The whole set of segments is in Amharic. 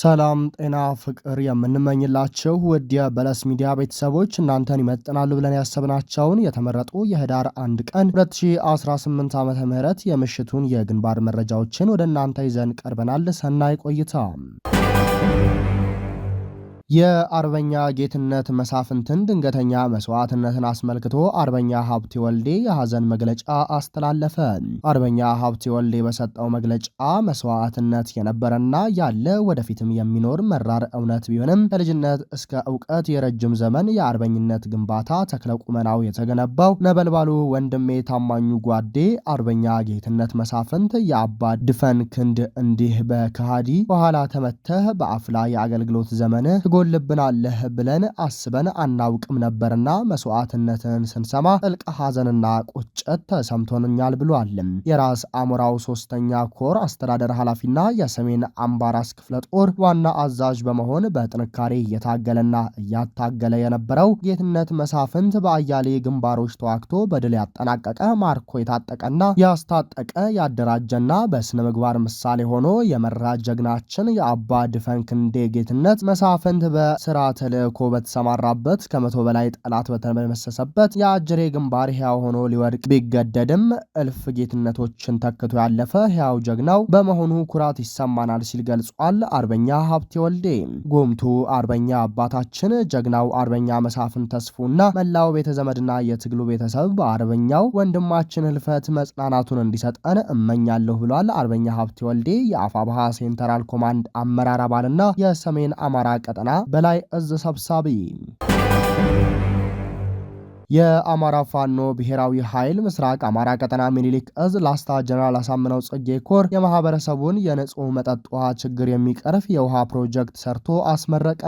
ሰላም ጤና ፍቅር የምንመኝላችሁ ውድ የበለስ ሚዲያ ቤተሰቦች እናንተን ይመጥናሉ ብለን ያሰብናቸውን የተመረጡ የህዳር አንድ ቀን 2018 ዓ ም የምሽቱን የግንባር መረጃዎችን ወደ እናንተ ይዘን ቀርበናል። ሰናይ ቆይታ የአርበኛ ጌትነት መሳፍንትን ድንገተኛ መስዋዕትነትን አስመልክቶ አርበኛ ሀብቴ ወልዴ የሐዘን መግለጫ አስተላለፈ። አርበኛ ሀብቴ ወልዴ በሰጠው መግለጫ መስዋዕትነት የነበረና ያለ ወደፊትም የሚኖር መራር እውነት ቢሆንም ከልጅነት እስከ እውቀት የረጅም ዘመን የአርበኝነት ግንባታ ተክለ ቁመናው የተገነባው ነበልባሉ ወንድሜ ታማኙ ጓዴ አርበኛ ጌትነት መሳፍንት የአባ ድፈን ክንድ እንዲህ በከሃዲ በኋላ ተመተህ በአፍላ የአገልግሎት ዘመን ትጎልብናለህ ብለን አስበን አናውቅም ነበርና መስዋዕትነትን ስንሰማ ጥልቅ ሐዘንና ቁጭት ተሰምቶንኛል ብሏል። የራስ አሞራው ሶስተኛ ኮር አስተዳደር ኃላፊና የሰሜን አምባራስ ክፍለ ጦር ዋና አዛዥ በመሆን በጥንካሬ እየታገለና እያታገለ የነበረው ጌትነት መሳፍንት በአያሌ ግንባሮች ተዋግቶ በድል ያጠናቀቀ ማርኮ የታጠቀና ያስታጠቀ ያደራጀና በስነ ምግባር ምሳሌ ሆኖ የመራ ጀግናችን የአባ ድፈን ክንዴ ጌትነት መሳፍንት በስራ ተልእኮ በተሰማራበት ከመቶ በላይ ጠላት በተመሰሰበት የአጅሬ ግንባር ሕያው ሆኖ ሊወድቅ ቢገደድም እልፍ ጌትነቶችን ተክቶ ያለፈ ሕያው ጀግናው በመሆኑ ኩራት ይሰማናል ሲል ገልጿል። አርበኛ ሀብቴ ወልዴ ጉምቱ አርበኛ አባታችን ጀግናው አርበኛ መሳፍን ተስፉና መላው ቤተዘመድና የትግሉ ቤተሰብ በአርበኛው ወንድማችን ህልፈት መጽናናቱን እንዲሰጠን እመኛለሁ ብሏል። አርበኛ ሀብቴ ወልዴ የአፋ ባሃ ሴንተራል ኮማንድ አመራር አባልና የሰሜን አማራ ቀጠና በላይ እዝ ሰብሳቢ የአማራ ፋኖ ብሔራዊ ኃይል ምስራቅ አማራ ቀጠና ሚኒሊክ እዝ ላስታ ጀነራል አሳምነው ጽጌ ኮር የማህበረሰቡን የንጹህ መጠጥ ውሃ ችግር የሚቀርፍ የውሃ ፕሮጀክት ሰርቶ አስመረቀ።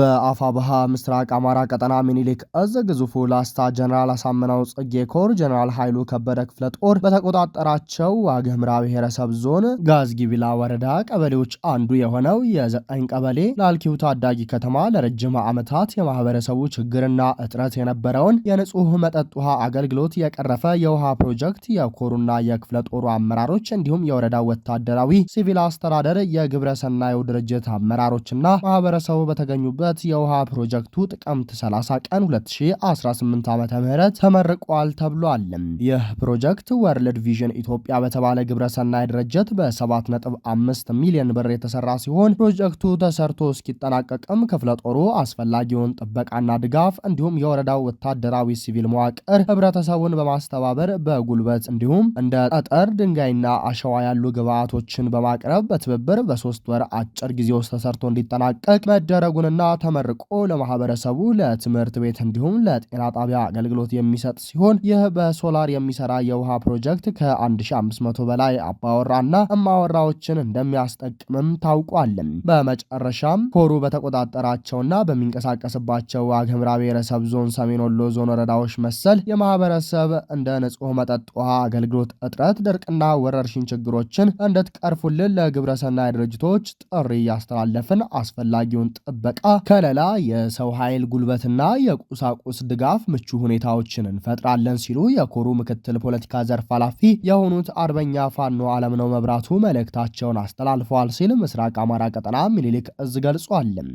በአፋብሃ ምስራቅ አማራ ቀጠና ሚኒሊክ እዝ ግዙፉ ላስታ ጀነራል አሳምነው ጽጌ ኮር ጀነራል ኃይሉ ከበደ ክፍለ ጦር በተቆጣጠራቸው ዋግህምራ ብሔረሰብ ዞን ጋዝጊቢላ ወረዳ ቀበሌዎች አንዱ የሆነው የዘጠኝ ቀበሌ ላልኪው ታዳጊ ከተማ ለረጅም ዓመታት የማህበረሰቡ ችግርና እጥረት የነበረውን የንጹህ መጠጥ ውሃ አገልግሎት የቀረፈ የውሃ ፕሮጀክት የኮሩና የክፍለ ጦሩ አመራሮች እንዲሁም የወረዳ ወታደራዊ ሲቪል አስተዳደር የግብረ ሰናዩ ድርጅት አመራሮችና ማህበረሰቡ በተገኙበት የውሃ ፕሮጀክቱ ጥቅምት 30 ቀን 2018 ዓ ም ተመርቋል ተብሏል። ይህ ፕሮጀክት ወርልድ ቪዥን ኢትዮጵያ በተባለ ግብረ ሰናይ ድርጅት በ7.5 ሚሊዮን ብር የተሰራ ሲሆን ፕሮጀክቱ ተሰርቶ እስኪጠናቀቅም ክፍለ ጦሩ አስፈላጊውን ጥበቃና ድጋፍ እንዲሁም የወረዳው ወታደራዊ ሲቪል መዋቅር ህብረተሰቡን በማስተባበር በጉልበት እንዲሁም እንደ ጠጠር ድንጋይና አሸዋ ያሉ ግብዓቶችን በማቅረብ በትብብር በሶስት ወር አጭር ጊዜ ውስጥ ተሰርቶ እንዲጠናቀቅ መደረጉንና ተመርቆ ለማህበረሰቡ ለትምህርት ቤት እንዲሁም ለጤና ጣቢያ አገልግሎት የሚሰጥ ሲሆን ይህ በሶላር የሚሰራ የውሃ ፕሮጀክት ከ1500 በላይ አባወራና እማወራዎችን እንደሚያስጠቅምም ታውቋል። በመጨረሻም ኮሩ በተቆጣጠራቸውና በሚንቀሳቀስባቸው ዋግ ኽምራ ብሔረሰብ ዞን ሰሜን ወሎ ዞን ወረዳዎች መሰል የማህበረሰብ እንደ ንጹህ መጠጥ ውሃ አገልግሎት እጥረት፣ ድርቅና ወረርሽኝ ችግሮችን እንድትቀርፉልን ለግብረሰናይ ድርጅቶች ጥሪ እያስተላለፍን አስፈላጊውን ጥበቃ፣ ከለላ፣ የሰው ኃይል ጉልበትና የቁሳቁስ ድጋፍ ምቹ ሁኔታዎችን እንፈጥራለን ሲሉ የኮሩ ምክትል ፖለቲካ ዘርፍ ኃላፊ የሆኑት አርበኛ ፋኖ አለምነው መብራቱ መልእክታቸውን አስተላልፈዋል ሲል ምስራቅ አማራ ቀጠና ሚኒሊክ እዝ ገልጿል።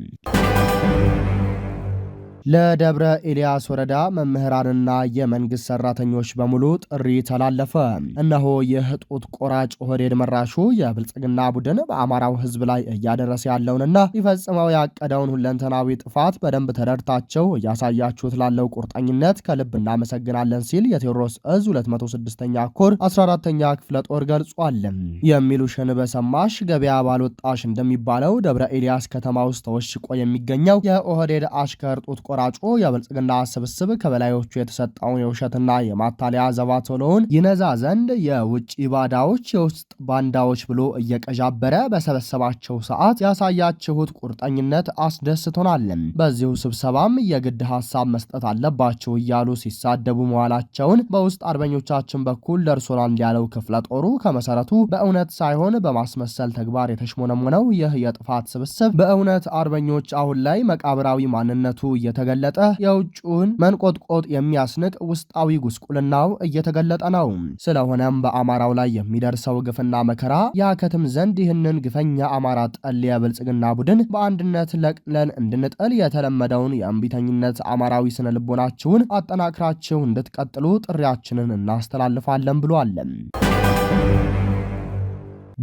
ለደብረ ኤልያስ ወረዳ መምህራንና የመንግስት ሰራተኞች በሙሉ ጥሪ ተላለፈ። እነሆ ይህ ጡት ቆራጭ ኦህዴድ መራሹ የብልጽግና ቡድን በአማራው ህዝብ ላይ እያደረሰ ያለውንና ሊፈጽመው ያቀደውን ሁለንተናዊ ጥፋት በደንብ ተረድታቸው እያሳያችሁት ላለው ቁርጠኝነት ከልብ እናመሰግናለን ሲል የቴዎድሮስ እዝ 206ኛ ኮር 14 ተኛ ክፍለ ጦር ገልጿል። የሚሉሽን በሰማሽ ገበያ ባልወጣሽ እንደሚባለው ደብረ ኤልያስ ከተማ ውስጥ ተወሽቆ የሚገኘው የኦህዴድ አሽከር ጡት ቆራጮ የብልጽግና ስብስብ ከበላዮቹ የተሰጠውን የውሸትና የማታለያ ዘባቶሎውን ይነዛ ዘንድ የውጭ ባዳዎች የውስጥ ባንዳዎች ብሎ እየቀዣበረ በሰበሰባቸው ሰዓት ያሳያችሁት ቁርጠኝነት አስደስቶናል። በዚሁ ስብሰባም የግድ ሀሳብ መስጠት አለባቸው እያሉ ሲሳደቡ መዋላቸውን በውስጥ አርበኞቻችን በኩል ደርሶናል ያለው ክፍለ ጦሩ ከመሰረቱ በእውነት ሳይሆን በማስመሰል ተግባር የተሽሞነሞነው ይህ የጥፋት ስብስብ በእውነት አርበኞች አሁን ላይ መቃብራዊ ማንነቱ እየተ ተገለጠ። የውጭውን መንቆጥቆጥ የሚያስንቅ ውስጣዊ ጉስቁልናው እየተገለጠ ነው። ስለሆነም በአማራው ላይ የሚደርሰው ግፍና መከራ ያከትም ዘንድ ይህንን ግፈኛ አማራ ጠል የብልጽግና ቡድን በአንድነት ለቅለን እንድንጥል የተለመደውን የእምቢተኝነት አማራዊ ስነ ልቦናችሁን አጠናክራችሁ እንድትቀጥሉ ጥሪያችንን እናስተላልፋለን ብሏለን።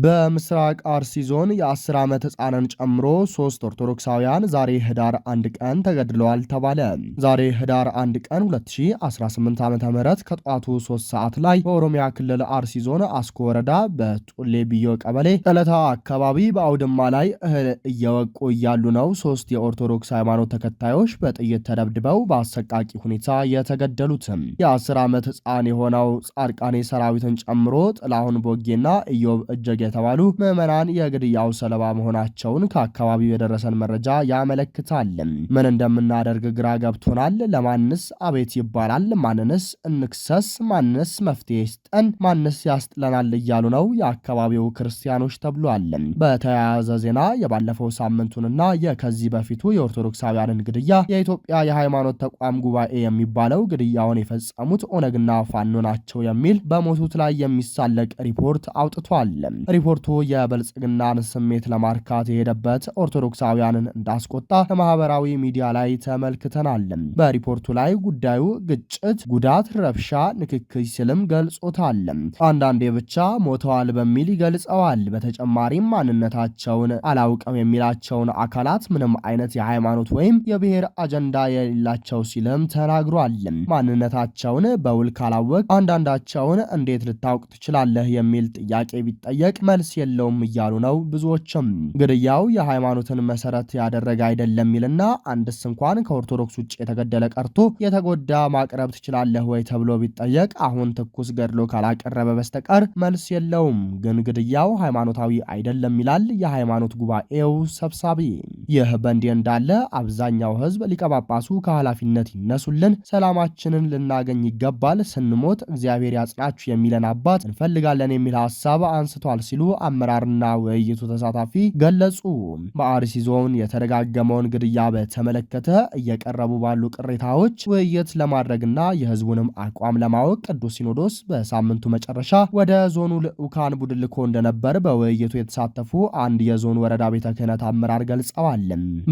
በምስራቅ አርሲ ዞን የ10 ዓመት ህፃንን ጨምሮ ሶስት ኦርቶዶክሳውያን ዛሬ ህዳር አንድ ቀን ተገድለዋል ተባለ። ዛሬ ህዳር አንድ ቀን 2018 ዓ ም ከጠዋቱ ሶስት ሰዓት ላይ በኦሮሚያ ክልል አርሲ ዞን አስኮ ወረዳ በጡሌ ብዮ ቀበሌ ጠለታ አካባቢ በአውድማ ላይ እህል እየወቁ እያሉ ነው ሶስት የኦርቶዶክስ ሃይማኖት ተከታዮች በጥይት ተደብድበው በአሰቃቂ ሁኔታ የተገደሉትም የ10 ዓመት ህፃን የሆነው ጻድቃኔ ሰራዊትን ጨምሮ ጥላሁን ቦጌና ኢዮብ እጀጌ የተባሉ ምዕመናን የግድያው ሰለባ መሆናቸውን ከአካባቢው የደረሰን መረጃ ያመለክታል። ምን እንደምናደርግ ግራ ገብቶናል። ለማንስ አቤት ይባላል? ማንንስ እንክሰስ? ማንስ መፍትሄ ይስጠን? ማንስ ያስጥለናል? እያሉ ነው የአካባቢው ክርስቲያኖች ተብሏል። በተያያዘ ዜና የባለፈው ሳምንቱንና የከዚህ በፊቱ የኦርቶዶክሳውያንን ግድያ የኢትዮጵያ የሃይማኖት ተቋም ጉባኤ የሚባለው ግድያውን የፈጸሙት ኦነግና ፋኖ ናቸው የሚል በሞቱት ላይ የሚሳለቅ ሪፖርት አውጥቷል። ሪፖርቱ የብልጽግናን ስሜት ለማርካት የሄደበት ኦርቶዶክሳውያንን እንዳስቆጣ ከማህበራዊ ሚዲያ ላይ ተመልክተናል። በሪፖርቱ ላይ ጉዳዩ ግጭት፣ ጉዳት፣ ረብሻ፣ ንክክሽ ሲልም ገልጾታል። አንዳንዴ ብቻ ሞተዋል በሚል ይገልጸዋል። በተጨማሪም ማንነታቸውን አላውቅም የሚላቸውን አካላት ምንም አይነት የሃይማኖት ወይም የብሔር አጀንዳ የሌላቸው ሲልም ተናግሯል። ማንነታቸውን በውል ካላወቅ አንዳንዳቸውን እንዴት ልታውቅ ትችላለህ የሚል ጥያቄ ቢጠየቅ መልስ የለውም እያሉ ነው ብዙዎችም። ግድያው የሃይማኖትን መሰረት ያደረገ አይደለም ይልና አንድስ እንኳን ከኦርቶዶክስ ውጭ የተገደለ ቀርቶ የተጎዳ ማቅረብ ትችላለህ ወይ ተብሎ ቢጠየቅ አሁን ትኩስ ገድሎ ካላቀረበ በስተቀር መልስ የለውም። ግን ግድያው ሃይማኖታዊ አይደለም ይላል የሃይማኖት ጉባኤው ሰብሳቢ። ይህ በእንዲህ እንዳለ አብዛኛው ህዝብ ሊቀጳጳሱ ከኃላፊነት ይነሱልን፣ ሰላማችንን ልናገኝ ይገባል፣ ስንሞት እግዚአብሔር ያጽናችሁ የሚለን አባት እንፈልጋለን የሚል ሀሳብ አንስቷል ሲሉ አመራርና ውይይቱ ተሳታፊ ገለጹ። በአርሲ ዞን የተደጋገመውን ግድያ በተመለከተ እየቀረቡ ባሉ ቅሬታዎች ውይይት ለማድረግና የህዝቡንም አቋም ለማወቅ ቅዱስ ሲኖዶስ በሳምንቱ መጨረሻ ወደ ዞኑ ልዑካን ቡድን ልኮ እንደነበር በውይይቱ የተሳተፉ አንድ የዞኑ ወረዳ ቤተ ክህነት አመራር ገልጸዋል።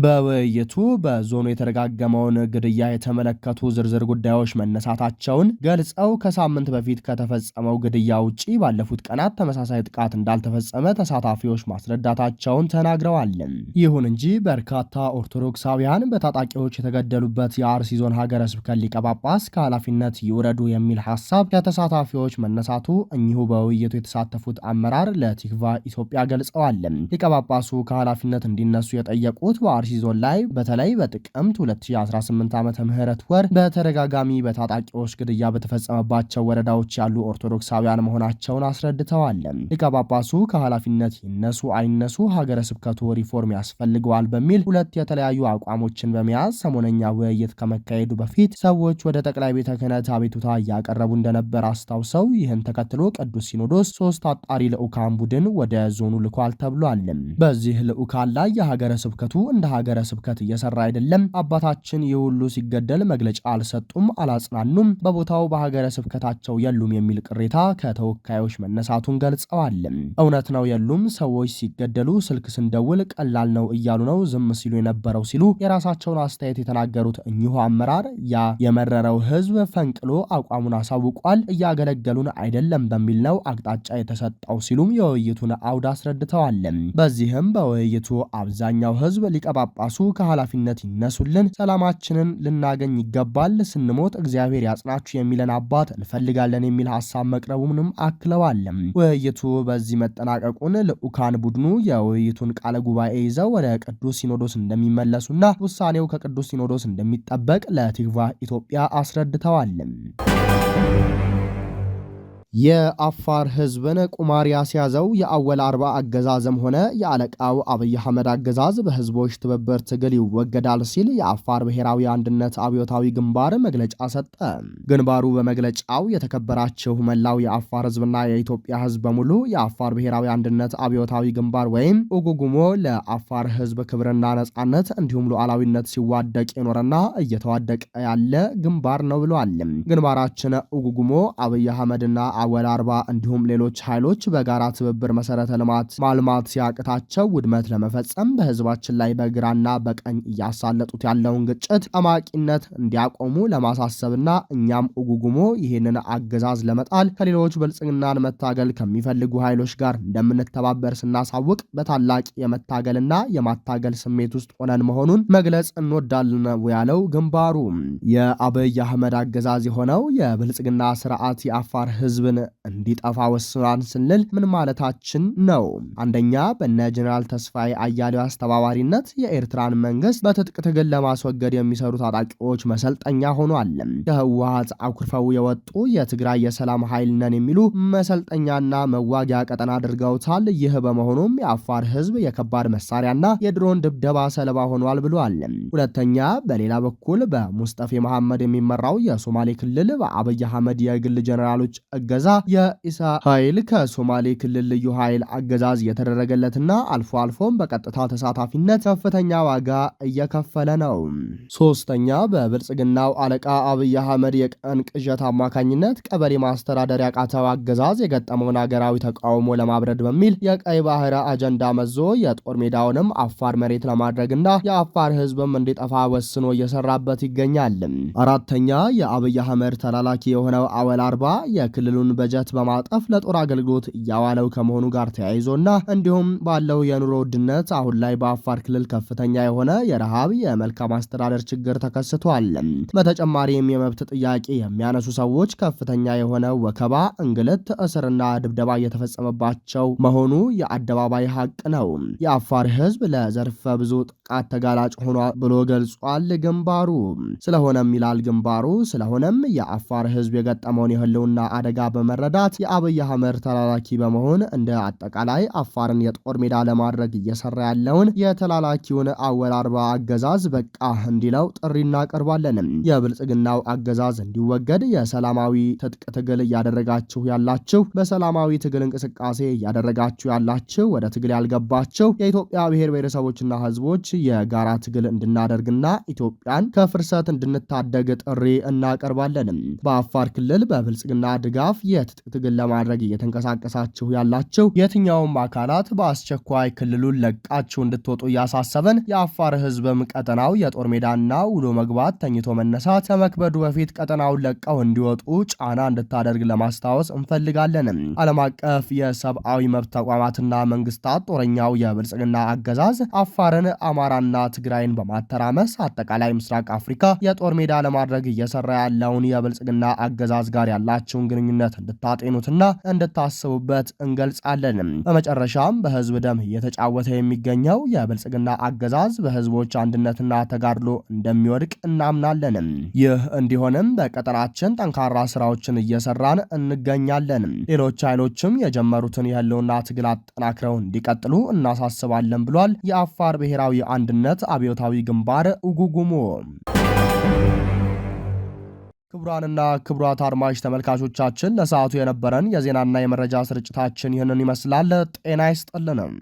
በውይይቱ በዞኑ የተደጋገመውን ግድያ የተመለከቱ ዝርዝር ጉዳዮች መነሳታቸውን ገልጸው ከሳምንት በፊት ከተፈጸመው ግድያ ውጪ ባለፉት ቀናት ተመሳሳይ ጥቃት እንዳልተፈጸመ ተሳታፊዎች ማስረዳታቸውን ተናግረዋል። ይሁን እንጂ በርካታ ኦርቶዶክሳውያን በታጣቂዎች የተገደሉበት የአርሲ ዞን ሀገረ ስብከት ሊቀ ጳጳስ ከኃላፊነት ይውረዱ የሚል ሀሳብ ከተሳታፊዎች መነሳቱ እኚሁ በውይይቱ የተሳተፉት አመራር ለቲክቫ ኢትዮጵያ ገልጸዋል። ሊቀ ጳጳሱ ከኃላፊነት እንዲነሱ የጠየቁት በአርሲ ዞን ላይ በተለይ በጥቅምት 2018 ዓ ምህረት ወር በተደጋጋሚ በታጣቂዎች ግድያ በተፈጸመባቸው ወረዳዎች ያሉ ኦርቶዶክሳውያን መሆናቸውን አስረድተዋል። ሊቀ ጳጳሱ ጳጳሱ ከኃላፊነት ይነሱ አይነሱ ሀገረ ስብከቱ ሪፎርም ያስፈልገዋል በሚል ሁለት የተለያዩ አቋሞችን በመያዝ ሰሞነኛ ውይይት ከመካሄዱ በፊት ሰዎች ወደ ጠቅላይ ቤተ ክህነት አቤቱታ እያቀረቡ እንደነበር አስታውሰው ይህን ተከትሎ ቅዱስ ሲኖዶስ ሶስት አጣሪ ልዑካን ቡድን ወደ ዞኑ ልኳል ተብሏል። በዚህ ልዑካን ላይ የሀገረ ስብከቱ እንደ ሀገረ ስብከት እየሰራ አይደለም፣ አባታችን የሁሉ ሲገደል መግለጫ አልሰጡም፣ አላጽናኑም፣ በቦታው በሀገረ ስብከታቸው የሉም የሚል ቅሬታ ከተወካዮች መነሳቱን ገልጸዋል። እውነት ነው የሉም ሰዎች ሲገደሉ ስልክ ስንደውል ቀላል ነው እያሉ ነው ዝም ሲሉ የነበረው ሲሉ የራሳቸውን አስተያየት የተናገሩት እኚሁ አመራር ያ የመረረው ህዝብ ፈንቅሎ አቋሙን አሳውቋል፣ እያገለገሉን አይደለም በሚል ነው አቅጣጫ የተሰጠው ሲሉም የውይይቱን አውድ አስረድተዋል። በዚህም በውይይቱ አብዛኛው ህዝብ ሊቀጳጳሱ ከኃላፊነት ይነሱልን፣ ሰላማችንን ልናገኝ ይገባል፣ ስንሞት እግዚአብሔር ያጽናችሁ የሚለን አባት እንፈልጋለን የሚል ሀሳብ መቅረቡንም አክለዋል። ውይይቱ በዚህ በዚህ መጠናቀቁን ልዑካን ቡድኑ የውይይቱን ቃለ ጉባኤ ይዘው ወደ ቅዱስ ሲኖዶስ እንደሚመለሱና ውሳኔው ከቅዱስ ሲኖዶስ እንደሚጠበቅ ለቲግቫ ኢትዮጵያ አስረድተዋል። የአፋር ህዝብን ቁማር ያስያዘው የአወል አርባ አገዛዝም ሆነ የአለቃው አብይ አህመድ አገዛዝ በህዝቦች ትብብር ትግል ይወገዳል ሲል የአፋር ብሔራዊ አንድነት አብዮታዊ ግንባር መግለጫ ሰጠ። ግንባሩ በመግለጫው የተከበራችሁ መላው የአፋር ህዝብና የኢትዮጵያ ህዝብ በሙሉ የአፋር ብሔራዊ አንድነት አብዮታዊ ግንባር ወይም ኡጉጉሞ ለአፋር ህዝብ ክብርና ነጻነት እንዲሁም ሉዓላዊነት ሲዋደቅ የኖረና እየተዋደቀ ያለ ግንባር ነው ብሏል። ግንባራችን ኡጉጉሞ አብይ አህመድና አወል አርባ እንዲሁም ሌሎች ኃይሎች በጋራ ትብብር መሰረተ ልማት ማልማት ሲያቅታቸው ውድመት ለመፈጸም በህዝባችን ላይ በግራና በቀኝ እያሳለጡት ያለውን ግጭት አማቂነት እንዲያቆሙ ለማሳሰብና እኛም እጉጉሞ ይህንን አገዛዝ ለመጣል ከሌሎች ብልጽግናን መታገል ከሚፈልጉ ኃይሎች ጋር እንደምንተባበር ስናሳውቅ በታላቅ የመታገልና የማታገል ስሜት ውስጥ ሆነን መሆኑን መግለጽ እንወዳለን ያለው ግንባሩ የአብይ አህመድ አገዛዝ የሆነው የብልጽግና ስርዓት የአፋር ህዝብ ህዝብን እንዲጠፋ ወስኗን ስንል ምን ማለታችን ነው? አንደኛ በነ ጀኔራል ተስፋዬ አያሌው አስተባባሪነት የኤርትራን መንግስት በትጥቅ ትግል ለማስወገድ የሚሰሩ ታጣቂዎች መሰልጠኛ ሆኗል። ከህወሀት አኩርፈው የወጡ የትግራይ የሰላም ኃይል ነን የሚሉ መሰልጠኛና መዋጊያ ቀጠና አድርገውታል። ይህ በመሆኑም የአፋር ህዝብ የከባድ መሳሪያና የድሮን ድብደባ ሰለባ ሆኗል ብሏል። ሁለተኛ በሌላ በኩል በሙስጠፌ መሐመድ የሚመራው የሶማሌ ክልል በአብይ አህመድ የግል ጀኔራሎች እገ እገዛ የኢሳ ኃይል ከሶማሌ ክልል ልዩ ኃይል አገዛዝ የተደረገለትና አልፎ አልፎም በቀጥታ ተሳታፊነት ከፍተኛ ዋጋ እየከፈለ ነው። ሶስተኛ በብልጽግናው አለቃ አብይ አህመድ የቀን ቅዠት አማካኝነት ቀበሌ ማስተዳደር ያቃተው አገዛዝ የገጠመውን ሀገራዊ ተቃውሞ ለማብረድ በሚል የቀይ ባህር አጀንዳ መዞ የጦር ሜዳውንም አፋር መሬት ለማድረግና የአፋር ህዝብም እንዲጠፋ ወስኖ እየሰራበት ይገኛል። አራተኛ የአብይ አህመድ ተላላኪ የሆነው አወል አርባ የክልሉን የክልሉን በጀት በማጠፍ ለጦር አገልግሎት እያዋለው ከመሆኑ ጋር ተያይዞና እንዲሁም ባለው የኑሮ ውድነት አሁን ላይ በአፋር ክልል ከፍተኛ የሆነ የረሃብ የመልካም አስተዳደር ችግር ተከስቷል። በተጨማሪም የመብት ጥያቄ የሚያነሱ ሰዎች ከፍተኛ የሆነ ወከባ፣ እንግልት፣ እስርና ድብደባ እየተፈጸመባቸው መሆኑ የአደባባይ ሀቅ ነው። የአፋር ህዝብ ለዘርፈ ብዙ ጥቃት ተጋላጭ ሆኖ ብሎ ገልጿል ግንባሩ። ስለሆነም ይላል ግንባሩ ስለሆነም የአፋር ህዝብ የገጠመውን የህልውና አደጋ በመረዳት የአብይ አህመድ ተላላኪ በመሆን እንደ አጠቃላይ አፋርን የጦር ሜዳ ለማድረግ እየሰራ ያለውን የተላላኪውን አወል አርባ አገዛዝ በቃ እንዲለው ጥሪ እናቀርባለን። የብልጽግናው አገዛዝ እንዲወገድ የሰላማዊ ትጥቅ ትግል እያደረጋችሁ ያላችሁ፣ በሰላማዊ ትግል እንቅስቃሴ እያደረጋችሁ ያላችሁ፣ ወደ ትግል ያልገባችሁ የኢትዮጵያ ብሔር ብሔረሰቦችና ህዝቦች የጋራ ትግል እንድናደርግና ኢትዮጵያን ከፍርሰት እንድንታደግ ጥሪ እናቀርባለን። በአፋር ክልል በብልጽግና ድጋፍ የትጥቅ ትግል ለማድረግ እየተንቀሳቀሳችሁ ያላችሁ የትኛውም አካላት በአስቸኳይ ክልሉን ለቃችሁ እንድትወጡ እያሳሰበን የአፋር ህዝብም ቀጠናው የጦር ሜዳና ውሎ መግባት ተኝቶ መነሳት ከመክበዱ በፊት ቀጠናውን ለቀው እንዲወጡ ጫና እንድታደርግ ለማስታወስ እንፈልጋለን። ዓለም አቀፍ የሰብአዊ መብት ተቋማትና መንግስታት ጦረኛው የብልጽግና አገዛዝ አፋርን፣ አማራና ትግራይን በማተራመስ አጠቃላይ ምስራቅ አፍሪካ የጦር ሜዳ ለማድረግ እየሰራ ያለውን የብልጽግና አገዛዝ ጋር ያላችሁን ግንኙነት እንድታጤኑትና እንድታስቡበት እንገልጻለን። በመጨረሻም በህዝብ ደም እየተጫወተ የሚገኘው የብልጽግና አገዛዝ በህዝቦች አንድነትና ተጋድሎ እንደሚወድቅ እናምናለን። ይህ እንዲሆንም በቀጠናችን ጠንካራ ስራዎችን እየሰራን እንገኛለን። ሌሎች ኃይሎችም የጀመሩትን የህልውና ትግል አጠናክረው እንዲቀጥሉ እናሳስባለን ብሏል የአፋር ብሔራዊ አንድነት አብዮታዊ ግንባር እጉጉሞ። ክቡራንና ክቡራት አድማጭ ተመልካቾቻችን ለሰዓቱ የነበረን የዜናና የመረጃ ስርጭታችን ይህንን ይመስላል። ጤና ይስጥልንም።